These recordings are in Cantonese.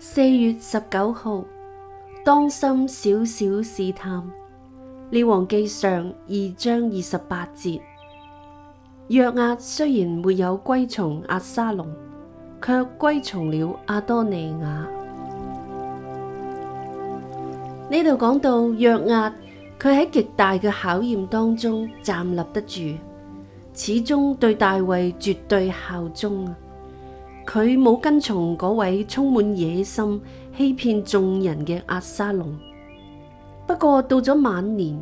四月十九號，當心小小試探。列王記上二章二十八節，約押雖然沒有歸從阿沙龍，却歸從了阿多尼雅。呢度講到約押，佢喺極大嘅考驗當中站立得住，始終對大衛絕對效忠。佢冇跟從嗰位充滿野心、欺騙眾人嘅阿沙龍。不過到咗晚年，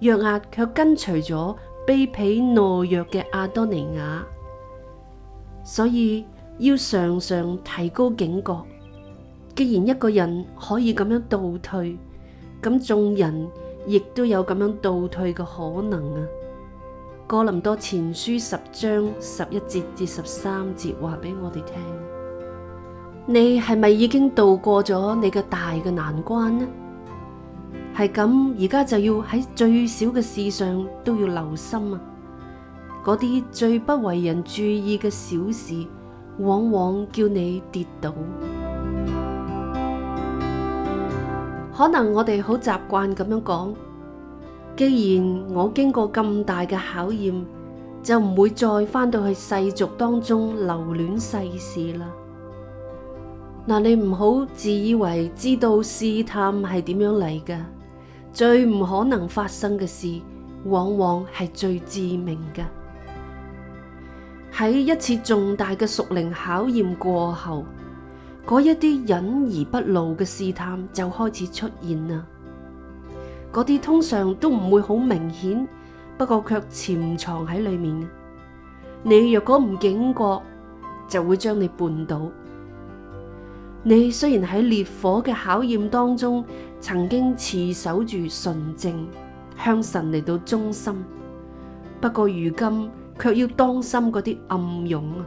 約押卻跟隨咗卑鄙懦弱嘅阿多尼雅。所以要常常提高警覺。既然一個人可以咁樣倒退，咁眾人亦都有咁樣倒退嘅可能啊！哥林多前書十章十一節至十三節，話俾我哋聽：你係咪已經度過咗你嘅大嘅難關呢？係咁，而家就要喺最小嘅事上都要留心啊！嗰啲最不為人注意嘅小事，往往叫你跌倒。可能我哋好習慣咁樣講。既然我經過咁大嘅考驗，就唔會再翻到去世俗當中留戀世事啦。嗱，你唔好自以為知道試探係點樣嚟㗎。最唔可能發生嘅事，往往係最致命嘅。喺一次重大嘅屬靈考驗過後，嗰一啲隱而不露嘅試探就開始出現啦。嗰啲通常都唔會好明顯，不過卻潛藏喺裏面。你若果唔警覺，就會將你絆倒。你雖然喺烈火嘅考驗當中，曾經持守住純正，向神嚟到忠心，不過如今卻要當心嗰啲暗湧啊！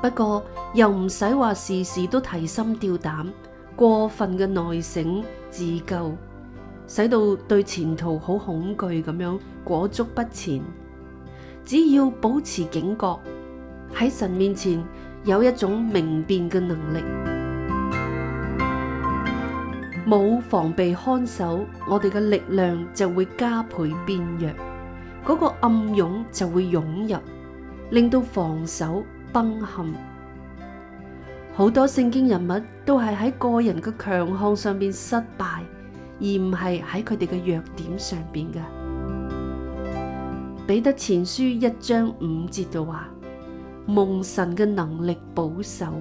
不過又唔使話事事都提心吊膽。過分嘅內省自救，使到對前途好恐懼咁樣裹足不前。只要保持警覺，喺神面前有一種明辨嘅能力，冇防備看守，我哋嘅力量就會加倍變弱，嗰、那個暗湧就會湧入，令到防守崩陷。好多聖經人物都係喺個人嘅強項上邊失敗，而唔係喺佢哋嘅弱點上邊嘅。彼得前書一章五節就話：「蒙神嘅能力保守，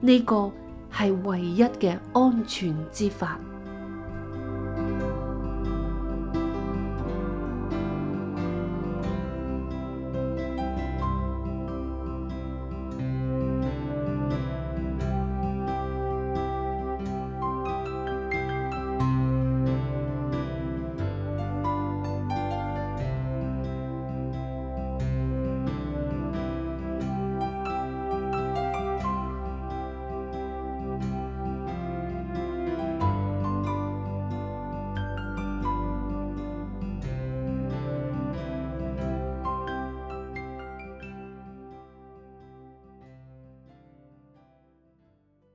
呢個係唯一嘅安全之法。